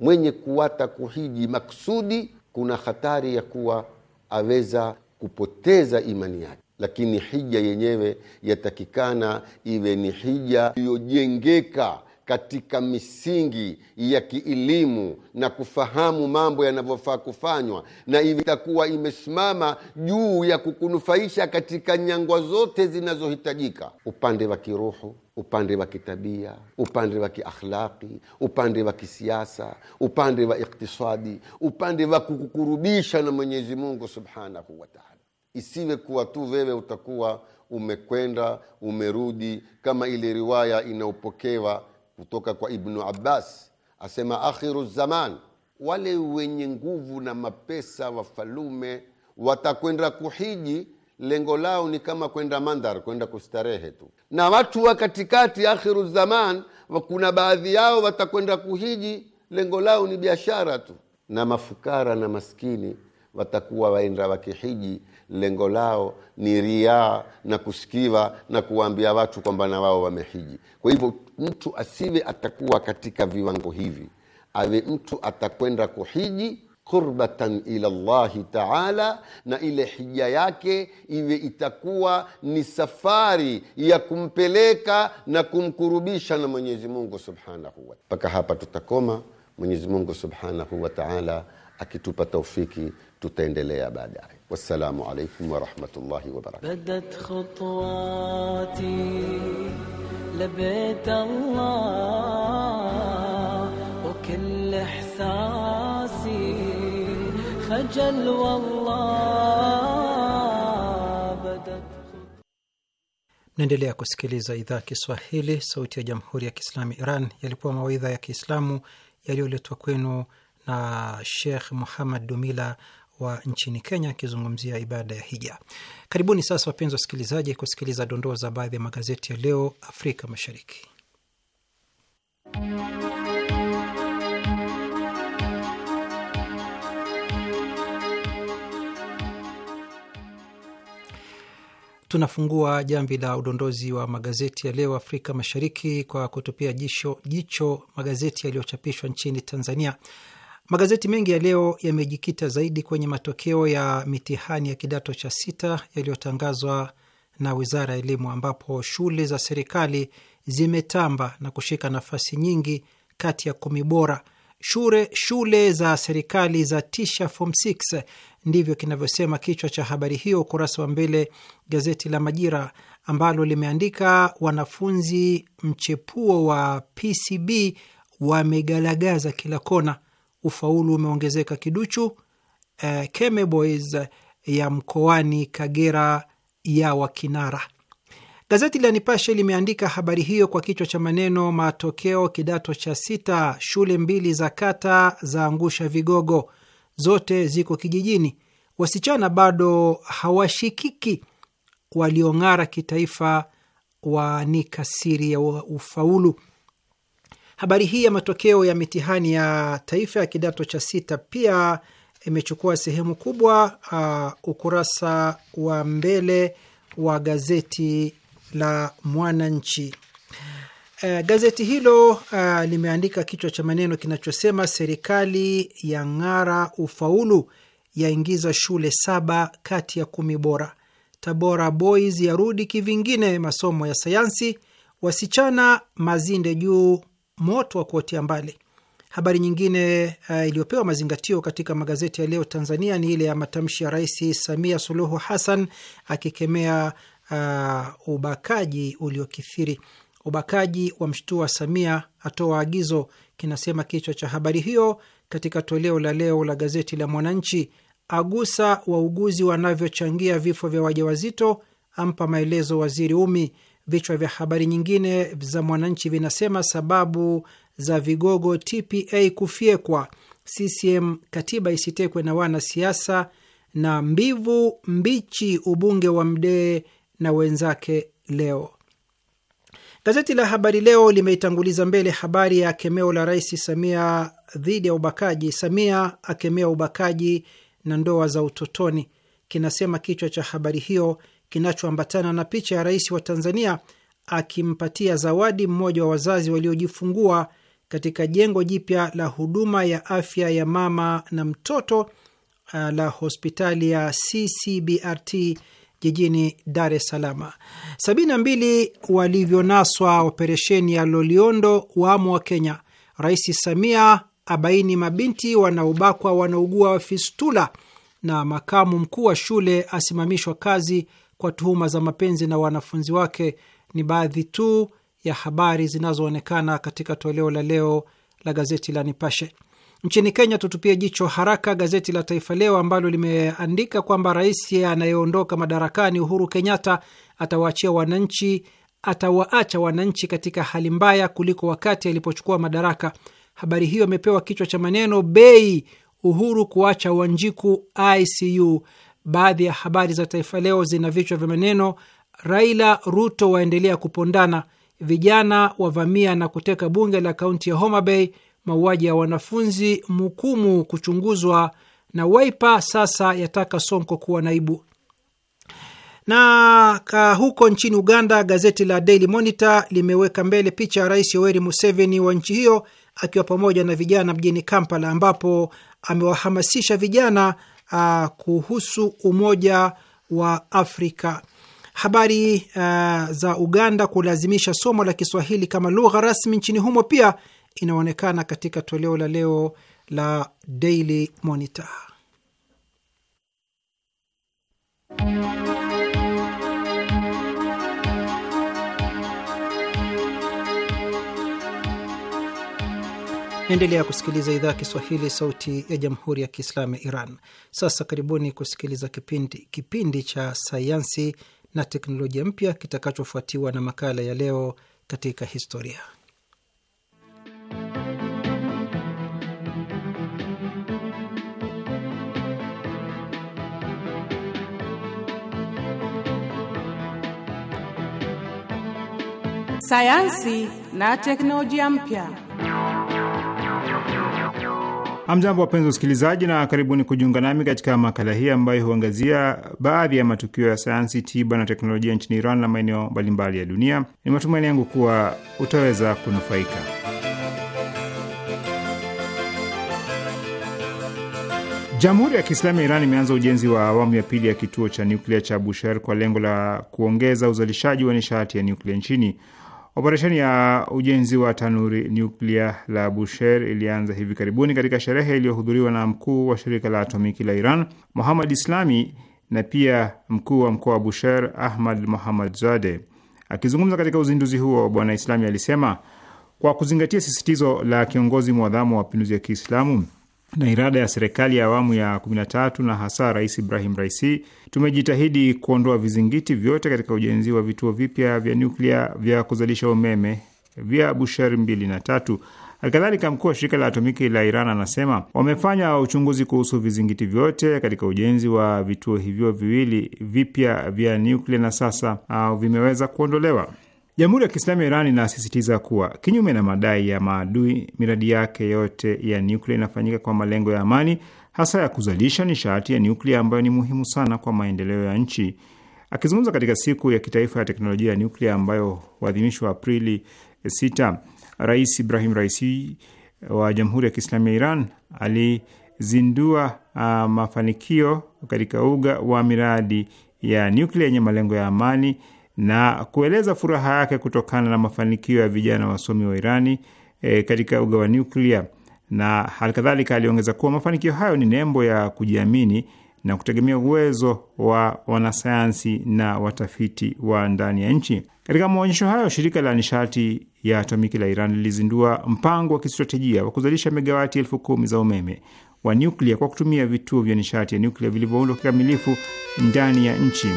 Mwenye kuwata kuhiji maksudi, kuna hatari ya kuwa aweza kupoteza imani yake. Lakini hija yenyewe yatakikana iwe ni hija iliyojengeka katika misingi ya kielimu na kufahamu mambo yanavyofaa kufanywa, na itakuwa imesimama juu ya kukunufaisha katika nyangwa zote zinazohitajika, upande wa kiruhu, upande wa kitabia, upande wa kiakhlaqi, upande wa kisiasa, upande wa iktisadi, upande wa kukukurubisha na Mwenyezi Mungu subhanahu wataala. Isiwe kuwa tu wewe utakuwa umekwenda umerudi, kama ile riwaya inaopokewa kutoka kwa Ibnu Abbas asema akhiru zaman, wale wenye nguvu na mapesa wafalume watakwenda kuhiji, lengo lao ni kama kwenda mandhar, kwenda kustarehe tu. Na watu wa katikati, akhiru zaman, kuna baadhi yao watakwenda kuhiji, lengo lao ni biashara tu. Na mafukara na maskini watakuwa waenda wakihiji lengo lao ni riaa na kusikiwa na kuwaambia watu kwamba na wao wamehiji. Kwa hivyo mtu asiwe atakuwa katika viwango hivi, awe mtu atakwenda kuhiji qurbatan ila llahi taala, na ile hija yake iwe itakuwa ni safari ya kumpeleka na kumkurubisha na Mwenyezi Mungu subhanahu wa mpaka hapa tutakoma. Mwenyezi Mungu subhanahu wa taala akitupa taufiki, tutaendelea baadaye. والسلام عليكم ورحمة الله وبركاته بدت خطواتي لبيت الله وكل إحساسي خجل والله بدت Naendelea kusikiliza idhaa ya Kiswahili, sauti ya jamhuri ya kiislamu Iran. Yalikuwa mawaidha ya Kiislamu yaliyoletwa kwenu na Shekh Muhammad Dumila wa nchini Kenya akizungumzia ibada ya hija. Karibuni sasa, wapenzi wasikilizaji, kusikiliza dondoo za baadhi ya magazeti ya leo Afrika Mashariki. Tunafungua jamvi la udondozi wa magazeti ya leo Afrika Mashariki kwa kutupia jicho, jicho magazeti yaliyochapishwa nchini Tanzania Magazeti mengi ya leo yamejikita zaidi kwenye matokeo ya mitihani ya kidato cha sita yaliyotangazwa na Wizara ya Elimu, ambapo shule za serikali zimetamba na kushika nafasi nyingi kati ya kumi bora. Shure, shule za serikali za tisha form 6, ndivyo kinavyosema kichwa cha habari hiyo, ukurasa wa mbele gazeti la Majira, ambalo limeandika wanafunzi mchepuo wa PCB wamegalagaza kila kona ufaulu umeongezeka kiduchu. Eh, Keme Boys ya mkoani Kagera ya wakinara. Gazeti la Nipashe limeandika habari hiyo kwa kichwa cha maneno, matokeo kidato cha sita, shule mbili za kata za angusha vigogo, zote ziko kijijini, wasichana bado hawashikiki, waliong'ara kitaifa waanika siri ya ufaulu. Habari hii ya matokeo ya mitihani ya taifa ya kidato cha sita pia imechukua sehemu kubwa uh, ukurasa wa mbele wa gazeti la Mwananchi. Uh, gazeti hilo uh, limeandika kichwa cha maneno kinachosema serikali ya ng'ara ufaulu yaingiza shule saba kati ya kumi bora. Tabora Boys yarudi kivingine masomo ya sayansi. Wasichana Mazinde juu moto wa kuotea mbali. Habari nyingine uh, iliyopewa mazingatio katika magazeti ya leo Tanzania ni ile ya matamshi ya Rais Samia Suluhu Hassan akikemea uh, ubakaji uliokithiri. Ubakaji wa mshtua Samia atoa agizo, kinasema kichwa cha habari hiyo katika toleo la leo la gazeti la Mwananchi. Agusa wauguzi wanavyochangia vifo vya wajawazito, ampa maelezo waziri Umi. Vichwa vya habari nyingine za Mwananchi vinasema sababu za vigogo TPA kufyekwa, CCM katiba isitekwe na wanasiasa, na mbivu mbichi ubunge wa Mdee na wenzake leo. Gazeti la Habari Leo limeitanguliza mbele habari ya kemeo la Rais Samia dhidi ya ubakaji. Samia akemea ubakaji na ndoa za utotoni, kinasema kichwa cha habari hiyo kinachoambatana na picha ya rais wa Tanzania akimpatia zawadi mmoja wa wazazi waliojifungua katika jengo jipya la huduma ya afya ya mama na mtoto uh, la hospitali ya CCBRT jijini Dar es Salaam. Sabini na mbili walivyonaswa operesheni ya Loliondo wamo wa Kenya. Rais Samia abaini mabinti wanaobakwa wanaugua fistula, na makamu mkuu wa shule asimamishwa kazi kwa tuhuma za mapenzi na wanafunzi wake ni baadhi tu ya habari zinazoonekana katika toleo la leo la gazeti la Nipashe. Nchini Kenya, tutupie jicho haraka gazeti la Taifa Leo ambalo limeandika kwamba rais anayeondoka madarakani Uhuru Kenyatta atawaachia wananchi atawaacha wananchi katika hali mbaya kuliko wakati alipochukua madaraka. Habari hiyo imepewa kichwa cha maneno bei Uhuru kuacha Wanjiku ICU baadhi ya habari za Taifa Leo zina vichwa vya maneno: Raila Ruto waendelea kupondana, vijana wavamia na kuteka bunge la kaunti ya Homa Bay, mauaji ya wanafunzi Mukumu kuchunguzwa, na Waipa sasa yataka Sonko kuwa naibu na ka huko nchini Uganda, gazeti la Daily Monitor limeweka mbele picha ya Rais Yoweri Museveni wa nchi hiyo akiwa pamoja na vijana mjini Kampala, ambapo amewahamasisha vijana uh, kuhusu umoja wa Afrika. Habari uh, za Uganda kulazimisha somo la Kiswahili kama lugha rasmi nchini humo pia inaonekana katika toleo la leo la Daily Monitor. Naendelea kusikiliza idhaa ya Kiswahili, sauti ya jamhuri ya kiislamu ya Iran. Sasa karibuni kusikiliza kipindi, kipindi cha sayansi na teknolojia mpya kitakachofuatiwa na makala ya leo katika historia. Sayansi na teknolojia mpya. Hamjambo, wapenzi wasikilizaji, na karibuni kujiunga nami katika makala hii ambayo huangazia baadhi ya matukio ya sayansi, tiba na teknolojia nchini Iran na maeneo mbalimbali ya dunia. Ni matumaini yangu kuwa utaweza kunufaika. Jamhuri ya Kiislamu ya Iran imeanza ujenzi wa awamu ya pili ya kituo cha nyuklia cha Bushehr kwa lengo la kuongeza uzalishaji wa nishati ya nyuklia nchini. Operesheni ya ujenzi wa tanuri nyuklia la Bushehr ilianza hivi karibuni katika sherehe iliyohudhuriwa na mkuu wa shirika la atomiki la Iran Muhammad Islami na pia mkuu wa mkoa wa Bushehr Ahmad Muhammad Zade. Akizungumza katika uzinduzi huo, Bwana Islami alisema kwa kuzingatia sisitizo la kiongozi mwadhamu wa mapinduzi ya Kiislamu na irada ya serikali ya awamu ya 13 na hasa Rais Ibrahim Raisi, tumejitahidi kuondoa vizingiti vyote katika ujenzi wa vituo vipya vya nyuklia vya kuzalisha umeme vya Bushari mbili na tatu. Halikadhalika, mkuu wa shirika la atomiki la Iran anasema wamefanya uchunguzi kuhusu vizingiti vyote katika ujenzi wa vituo hivyo viwili vipya vya nyuklia na sasa vimeweza kuondolewa. Jamhuri ya Kiislamu ya Iran inasisitiza kuwa kinyume na madai ya maadui, miradi yake yote ya nyuklia inafanyika kwa malengo ya amani, hasa ya kuzalisha nishati ya nyuklia ambayo ni muhimu sana kwa maendeleo ya nchi. Akizungumza katika siku ya kitaifa ya teknolojia ya nyuklia ambayo huadhimishwa Aprili 6, Rais Ibrahim Raisi wa Jamhuri ya Kiislamu ya Iran alizindua uh, mafanikio katika uga wa miradi ya nyuklia yenye malengo ya amani na kueleza furaha yake kutokana na mafanikio ya vijana wasomi wa Irani e, katika uga wa nuklia na halikadhalika aliongeza kuwa mafanikio hayo ni nembo ya kujiamini na kutegemea uwezo wa wanasayansi na watafiti wa ndani ya nchi. Katika maonyesho hayo, shirika la nishati ya atomiki la Iran lilizindua mpango wa kistratejia wa kuzalisha megawati elfu kumi za umeme wa nyuklia kwa kutumia vituo vya nishati ya nyuklia vilivyoundwa kikamilifu ndani ya nchi.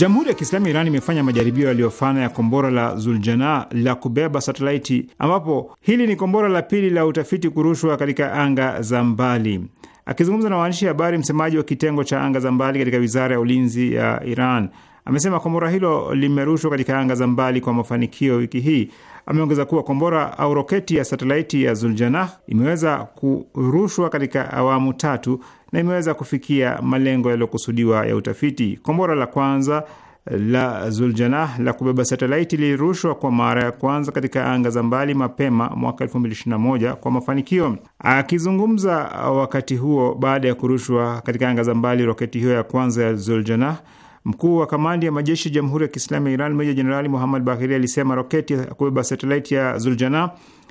Jamhuri ya Kiislamu ya Iran imefanya majaribio yaliyofana ya kombora la Zuljana la kubeba satelaiti, ambapo hili ni kombora la pili la utafiti kurushwa katika anga za mbali. Akizungumza na waandishi habari, msemaji wa kitengo cha anga za mbali katika wizara ya ulinzi ya Iran amesema kombora hilo limerushwa katika anga za mbali kwa mafanikio wiki hii. Ameongeza kuwa kombora au roketi ya satelaiti ya Zuljanah imeweza kurushwa katika awamu tatu na imeweza kufikia malengo yaliyokusudiwa ya utafiti. Kombora la kwanza la Zuljanah la kubeba satelaiti lilirushwa kwa mara ya kwanza katika anga za mbali mapema mwaka 2021 kwa mafanikio. Akizungumza wakati huo baada ya kurushwa katika anga za mbali roketi hiyo ya kwanza ya Zuljanah, mkuu wa kamandi ya majeshi ya Jamhuri ya Kiislamu ya Iran meja jenerali Muhammad Bagheri alisema roketi ya kubeba satelaiti ya Zuljanah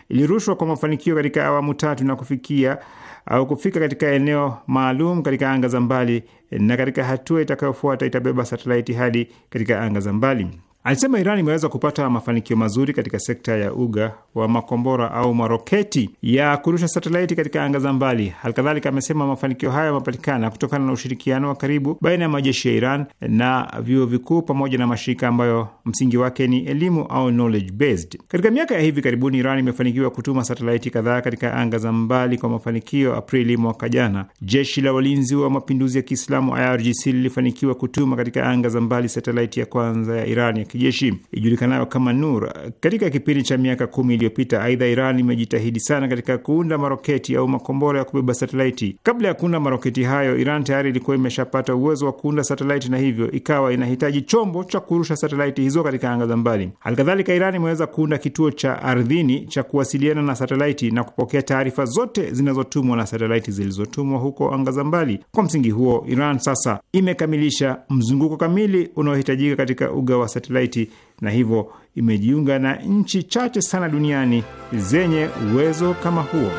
ilirushwa kwa mafanikio katika awamu tatu na kufikia au kufika katika eneo maalum katika anga za mbali, na katika hatua itakayofuata itabeba satelaiti hadi katika anga za mbali. Alisema Iran imeweza kupata mafanikio mazuri katika sekta ya uga wa makombora au maroketi ya kurusha satelaiti katika anga za mbali. Halikadhalika, amesema mafanikio hayo yamepatikana kutokana na ushirikiano wa karibu baina ya majeshi ya Iran na vyuo vikuu pamoja na mashirika ambayo msingi wake ni elimu au knowledge based. Katika miaka ya hivi karibuni, Iran imefanikiwa kutuma satelaiti kadhaa katika anga za mbali kwa mafanikio. Aprili mwaka jana, jeshi la walinzi wa mapinduzi ya Kiislamu IRGC lilifanikiwa kutuma katika anga za mbali satelaiti ya kwanza ya Iran ya kijeshi ijulikanayo kama Nur katika kipindi cha miaka kumi iliyopita. Aidha, Iran imejitahidi sana katika kuunda maroketi au makombora ya kubeba satelaiti. Kabla ya kuunda maroketi hayo, Iran tayari ilikuwa imeshapata uwezo wa kuunda satelaiti na hivyo ikawa inahitaji chombo cha kurusha satelaiti hizo katika anga za mbali. Halikadhalika, Iran imeweza kuunda kituo cha ardhini cha kuwasiliana na satelaiti na kupokea taarifa zote zinazotumwa na satelaiti zilizotumwa huko anga za mbali. Kwa msingi huo, Iran sasa imekamilisha mzunguko kamili unaohitajika katika uga wa satelaiti satelaiti na hivyo imejiunga na nchi chache sana duniani zenye uwezo kama huo.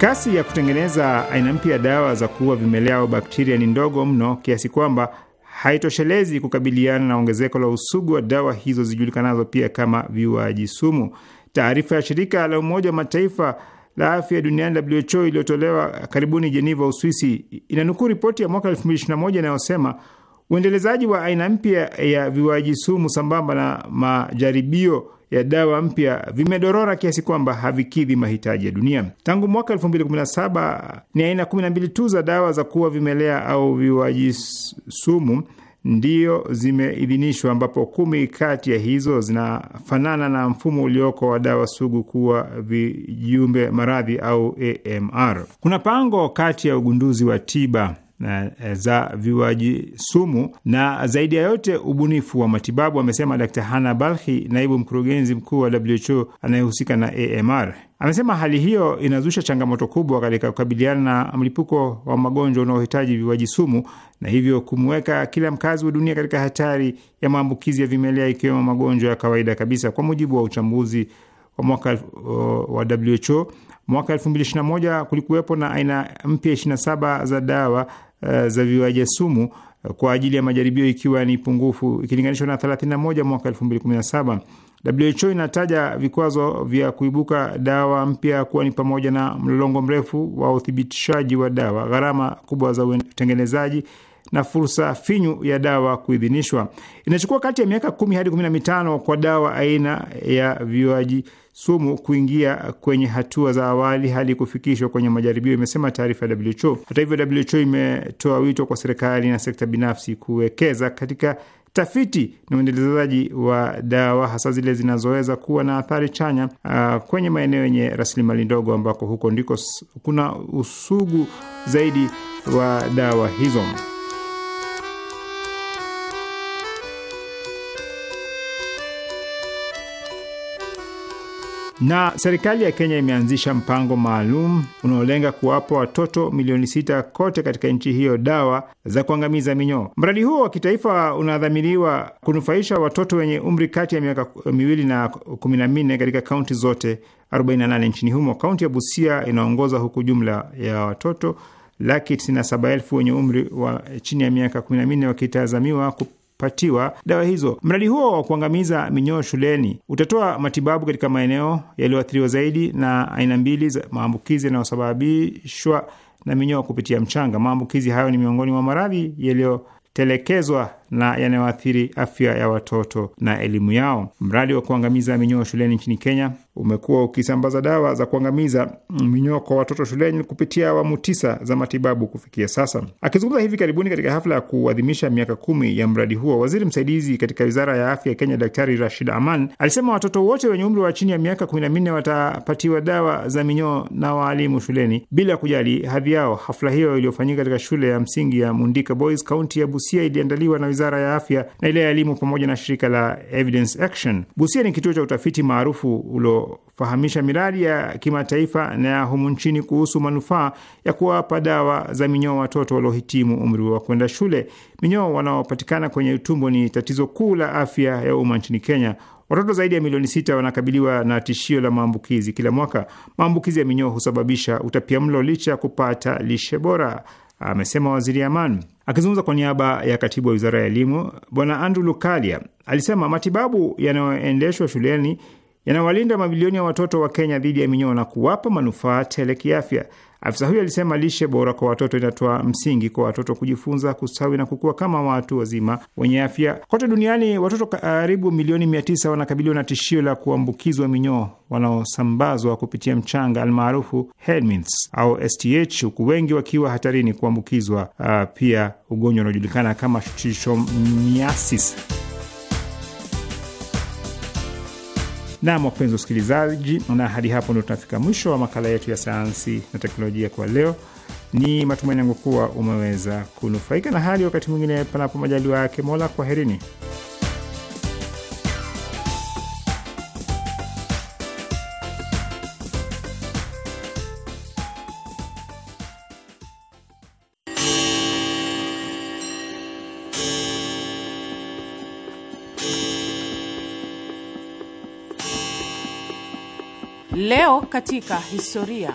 Kasi ya kutengeneza aina mpya ya dawa za kuua vimelea au bakteria ni ndogo mno kiasi kwamba haitoshelezi kukabiliana na ongezeko la usugu wa dawa hizo zijulikanazo pia kama viuaji sumu. Taarifa ya shirika la Umoja wa Mataifa la afya duniani WHO iliyotolewa karibuni Jeneva, Uswisi, inanukuu ripoti ya mwaka 2021 inayosema uendelezaji wa aina mpya ya viwaji sumu sambamba na majaribio ya dawa mpya vimedorora kiasi kwamba havikidhi mahitaji ya dunia. Tangu mwaka 2017 ni aina 12 tu za dawa za kuwa vimelea au viwaji sumu ndio zimeidhinishwa ambapo kumi kati ya hizo zinafanana na mfumo ulioko wa dawa sugu kuwa vijumbe maradhi au AMR. Kuna pango kati ya ugunduzi wa tiba Eh, za viwaji sumu na zaidi ya yote ubunifu wa matibabu, amesema Dkt. Hana Balhi, naibu mkurugenzi mkuu wa WHO anayehusika na AMR. Amesema hali hiyo inazusha changamoto kubwa katika kukabiliana na mlipuko wa magonjwa unaohitaji viwaji sumu na hivyo kumweka kila mkazi wa dunia katika hatari ya maambukizi ya vimelea ikiwemo magonjwa ya kawaida kabisa. Kwa mujibu wa uchambuzi wa mwaka uh, wa WHO Mwaka 2021 kulikuwepo na aina mpya 27 za dawa uh, za viwaja sumu eh, kwa ajili ya majaribio ikiwa ni pungufu ikilinganishwa na 31 mwaka 2017. WHO inataja vikwazo vya kuibuka dawa mpya kuwa ni pamoja na mlolongo mrefu wa uthibitishaji wa dawa, gharama kubwa za utengenezaji na fursa finyu ya dawa kuidhinishwa. Inachukua kati ya miaka kumi hadi kumi na mitano kwa dawa aina ya viwaji sumu kuingia kwenye hatua za awali hadi kufikishwa kwenye majaribio, imesema taarifa ya WHO. Hata hivyo, WHO imetoa wito kwa serikali na sekta binafsi kuwekeza katika tafiti na uendelezaji wa dawa hasa zile zinazoweza kuwa na athari chanya uh, kwenye maeneo yenye rasilimali ndogo, ambako huko ndiko kuna usugu zaidi wa dawa hizo. Na serikali ya Kenya imeanzisha mpango maalum unaolenga kuwapa watoto milioni sita kote katika nchi hiyo dawa za kuangamiza minyoo. Mradi huo wa kitaifa unadhamiriwa kunufaisha watoto wenye umri kati ya miaka miwili na kumi na minne katika kaunti zote 48 nchini humo. Kaunti ya Busia inaongoza huku jumla ya watoto laki 97 elfu wenye umri wa chini ya miaka 14 wakitazamiwa patiwa dawa hizo. Mradi huo wa kuangamiza minyoo shuleni utatoa matibabu katika maeneo yaliyoathiriwa zaidi na aina mbili za maambukizi yanayosababishwa na minyoo kupitia mchanga. Maambukizi hayo ni miongoni mwa maradhi yaliyotelekezwa na yanayoathiri afya ya watoto na elimu yao. Mradi wa kuangamiza minyoo shuleni nchini Kenya umekuwa ukisambaza dawa za kuangamiza minyoo kwa watoto shuleni kupitia awamu tisa za matibabu kufikia sasa. Akizungumza hivi karibuni katika hafla ya kuadhimisha miaka kumi ya mradi huo, waziri msaidizi katika wizara ya afya ya Kenya Daktari Rashid Aman alisema watoto wote wenye umri wa chini ya miaka kumi na minne watapatiwa dawa za minyoo na waalimu shuleni bila kujali hadhi yao. Hafla hiyo iliyofanyika katika shule ya msingi ya Mundika Boys, kaunti ya Busia, iliandaliwa na wizara ya afya na ile ya elimu pamoja na shirika la Evidence Action. Busia ni kituo cha utafiti maarufu uliofahamisha miradi ya kimataifa na ya humu nchini kuhusu manufaa ya kuwapa dawa za minyoo watoto waliohitimu umri wa kwenda shule. Minyoo wanaopatikana kwenye tumbo ni tatizo kuu la afya ya umma nchini Kenya. Watoto zaidi ya milioni sita wanakabiliwa na tishio la maambukizi kila mwaka. Maambukizi ya minyoo husababisha utapiamlo licha ya kupata lishe bora, amesema Waziri Aman. Akizungumza kwa niaba ya katibu wa wizara ya elimu, Bwana Andrew Lukalia alisema matibabu yanayoendeshwa shuleni yanawalinda mamilioni ya watoto wa Kenya dhidi ya minyoo na kuwapa manufaa tele kiafya. Afisa huyo alisema lishe bora kwa watoto inatoa msingi kwa watoto kujifunza, kustawi na kukua kama watu wazima wenye afya. Kote duniani watoto karibu milioni mia tisa wanakabiliwa na tishio la kuambukizwa minyoo wanaosambazwa kupitia mchanga almaarufu helminths au STH, huku wengi wakiwa hatarini kuambukizwa uh, pia ugonjwa unaojulikana kama trichomoniasis. Nam, wapenzi wasikilizaji, na hadi hapo ndio tunafika mwisho wa makala yetu ya sayansi na teknolojia kwa leo. Ni matumaini yangu kuwa umeweza kunufaika, na hadi wakati mwingine, panapo majaliwa yake Mola, kwaherini. Leo katika historia.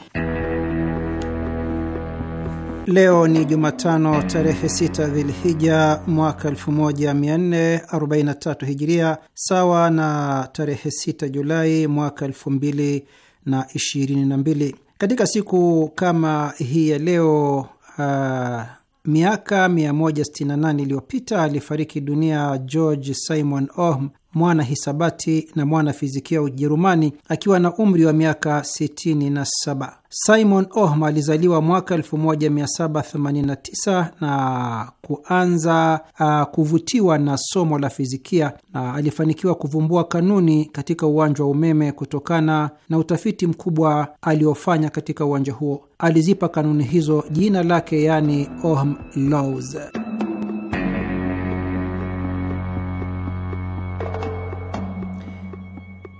Leo ni Jumatano tarehe 6 Dhilhija mwaka 1443 Hijiria, sawa na tarehe 6 Julai mwaka 2022. Katika siku kama hii ya leo uh, miaka 168 iliyopita alifariki dunia George Simon Ohm, mwana hisabati na mwana fizikia Ujerumani akiwa na umri wa miaka 67. Simon Ohm alizaliwa mwaka 1789 na kuanza uh, kuvutiwa na somo la fizikia na alifanikiwa kuvumbua kanuni katika uwanja wa umeme kutokana na utafiti mkubwa aliofanya katika uwanja huo. Alizipa kanuni hizo jina lake, yaani Ohm laws.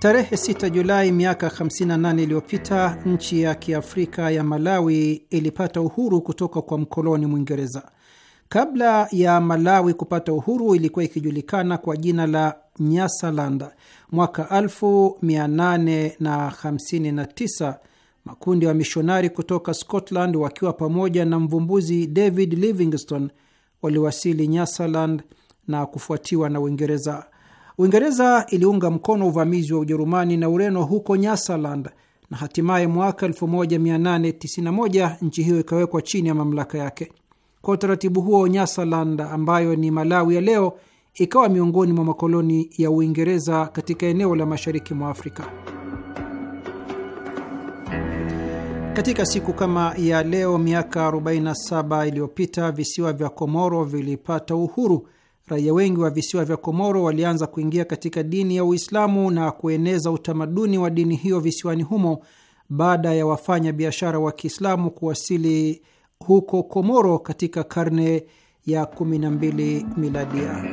Tarehe 6 Julai miaka 58 iliyopita nchi ya kiafrika ya Malawi ilipata uhuru kutoka kwa mkoloni Mwingereza. Kabla ya Malawi kupata uhuru, ilikuwa ikijulikana kwa jina la Nyasaland. Mwaka 1859 makundi ya wa mishonari kutoka Scotland wakiwa pamoja na mvumbuzi David Livingstone waliwasili Nyasaland na kufuatiwa na Uingereza. Uingereza iliunga mkono uvamizi wa Ujerumani na Ureno huko Nyasaland na hatimaye mwaka 1891 nchi hiyo ikawekwa chini ya mamlaka yake. Kwa utaratibu huo, Nyasaland ambayo ni Malawi ya leo ikawa miongoni mwa makoloni ya Uingereza katika eneo la mashariki mwa Afrika. Katika siku kama ya leo miaka 47 iliyopita visiwa vya Komoro vilipata uhuru raia wengi wa visiwa vya Komoro walianza kuingia katika dini ya Uislamu na kueneza utamaduni wa dini hiyo visiwani humo baada ya wafanya biashara wa Kiislamu kuwasili huko Komoro katika karne ya 12 miladia.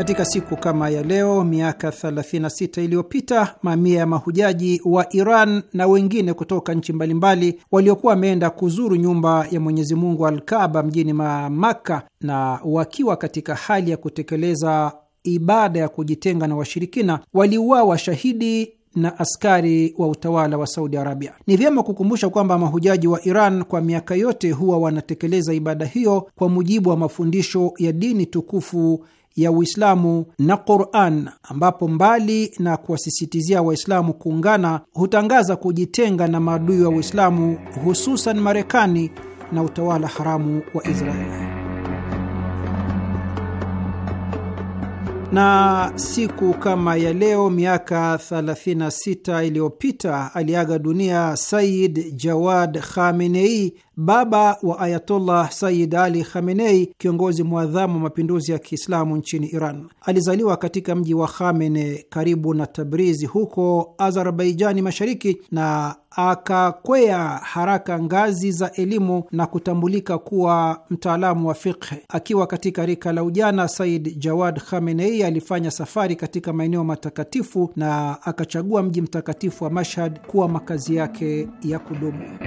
Katika siku kama ya leo miaka 36 iliyopita mamia ya mahujaji wa Iran na wengine kutoka nchi mbalimbali waliokuwa wameenda kuzuru nyumba ya Mwenyezi Mungu al mjini Makka na wakiwa katika hali ya kutekeleza ibada ya kujitenga na washirikina waliuawa shahidi na askari wa utawala wa Saudi Arabia. Ni vyema kukumbusha kwamba mahujaji wa Iran kwa miaka yote huwa wanatekeleza ibada hiyo kwa mujibu wa mafundisho ya dini tukufu ya Uislamu na Quran, ambapo mbali na kuwasisitizia Waislamu kuungana, hutangaza kujitenga na maadui wa Uislamu, hususan Marekani na utawala haramu wa Israeli. na siku kama ya leo miaka 36 iliyopita aliaga dunia Said Jawad Khamenei, baba wa Ayatollah Sayid Ali Khamenei, kiongozi mwadhamu wa mapinduzi ya Kiislamu nchini Iran. Alizaliwa katika mji wa Khamene karibu na Tabrizi huko Azerbaijani Mashariki, na akakwea haraka ngazi za elimu na kutambulika kuwa mtaalamu wa fikhe Akiwa katika rika la ujana, Said Jawad Khamenei alifanya safari katika maeneo matakatifu na akachagua mji mtakatifu wa Mashhad kuwa makazi yake ya kudumu.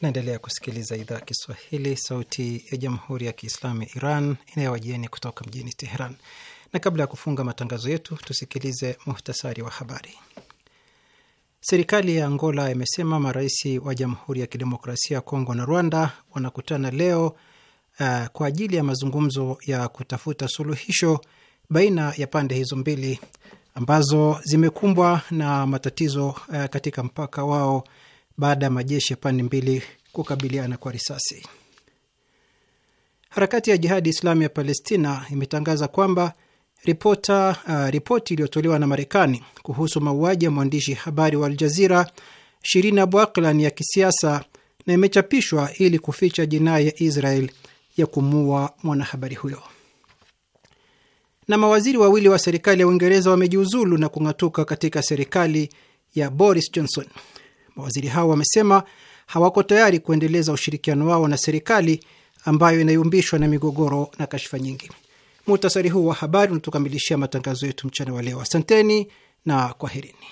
Naendelea kusikiliza idhaa ya Kiswahili, sauti ya jamhuri ya kiislamu ya Iran inayowajieni kutoka mjini Teheran. Na kabla ya kufunga matangazo yetu, tusikilize muhtasari wa habari. Serikali ya Angola imesema marais wa Jamhuri ya Kidemokrasia ya Kongo na Rwanda wanakutana leo uh, kwa ajili ya mazungumzo ya kutafuta suluhisho baina ya pande hizo mbili ambazo zimekumbwa na matatizo uh, katika mpaka wao baada ya majeshi ya pande mbili kukabiliana kwa risasi. Harakati ya Jihadi Islamu ya Palestina imetangaza kwamba ripota, uh, ripoti iliyotolewa na Marekani kuhusu mauaji ya mwandishi habari wa Aljazira Shirin Abu Akla ni ya kisiasa na imechapishwa ili kuficha jinai ya Israel ya kumuua mwanahabari huyo. Na mawaziri wawili wa serikali ya Uingereza wamejiuzulu na kung'atuka katika serikali ya Boris Johnson Mawaziri hao wamesema hawako tayari kuendeleza ushirikiano wao na serikali ambayo inayumbishwa na migogoro na kashfa nyingi. Muhtasari huu wa habari unatukamilishia matangazo yetu mchana wa leo. Asanteni na kwaherini.